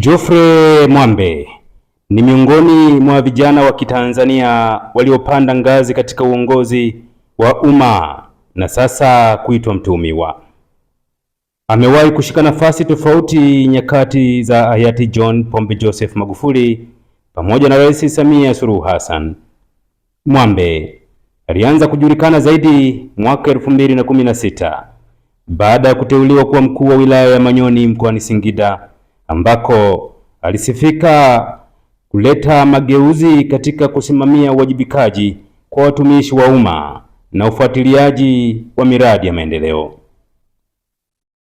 Geoffrey Mwambe ni miongoni mwa vijana wa Kitanzania waliopanda ngazi katika uongozi wa umma na sasa kuitwa mtuhumiwa. Amewahi kushika nafasi tofauti nyakati za hayati John Pombe Joseph Magufuli pamoja na Rais Samia Suluhu Hassan. Mwambe alianza kujulikana zaidi mwaka 2016 baada ya kuteuliwa kuwa mkuu wa wilaya ya Manyoni mkoani Singida ambako alisifika kuleta mageuzi katika kusimamia uwajibikaji kwa watumishi wa umma na ufuatiliaji wa miradi ya maendeleo.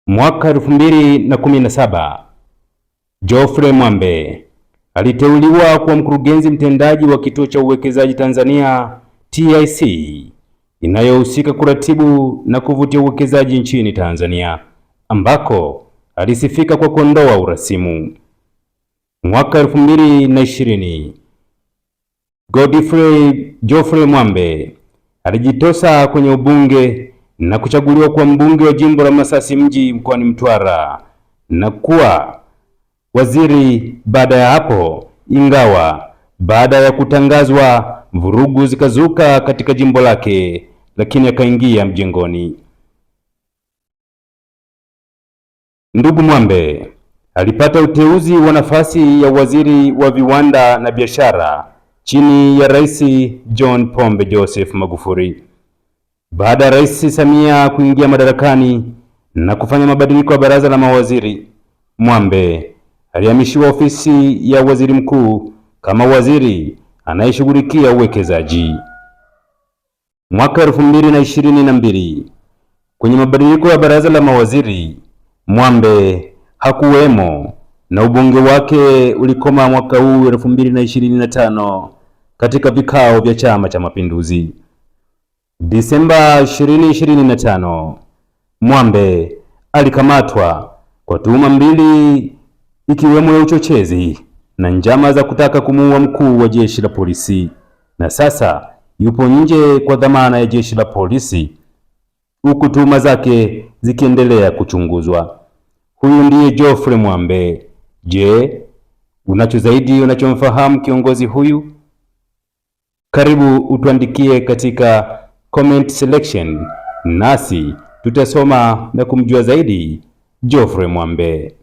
Mwaka 2017, Geoffrey Mwambe aliteuliwa kuwa mkurugenzi mtendaji wa Kituo cha Uwekezaji Tanzania TIC inayohusika kuratibu na kuvutia uwekezaji nchini Tanzania ambako alisifika kwa kuondoa urasimu. Mwaka 2020 Godfrey Geoffrey Mwambe alijitosa kwenye ubunge na kuchaguliwa kuwa mbunge wa jimbo la Masasi mji mkoani Mtwara na kuwa waziri baada ya hapo, ingawa baada ya kutangazwa vurugu zikazuka katika jimbo lake, lakini akaingia mjengoni. Ndugu Mwambe alipata uteuzi wa nafasi ya waziri wa viwanda na biashara chini ya Rais John Pombe Joseph Magufuli baada ya Rais Samia kuingia madarakani na kufanya mabadiliko ya baraza la mawaziri. Mwambe alihamishiwa ofisi ya waziri mkuu kama waziri anayeshughulikia uwekezaji. Mwaka elfu mbili na ishirini na mbili kwenye mabadiliko ya baraza la mawaziri Mwambe hakuwemo na ubunge wake ulikoma mwaka huu elfu mbili na ishirini na tano katika vikao vya Chama cha Mapinduzi. Disemba 2025, Mwambe alikamatwa kwa tuhuma mbili ikiwemo ya uchochezi na njama za kutaka kumuua mkuu wa jeshi la polisi na sasa yupo nje kwa dhamana ya jeshi la polisi huku tuhuma zake zikiendelea kuchunguzwa. Huyu ndiye Geoffrey Mwambe. Je, unacho zaidi unachomfahamu kiongozi huyu? Karibu utuandikie katika comment selection, nasi tutasoma na kumjua zaidi Geoffrey Mwambe.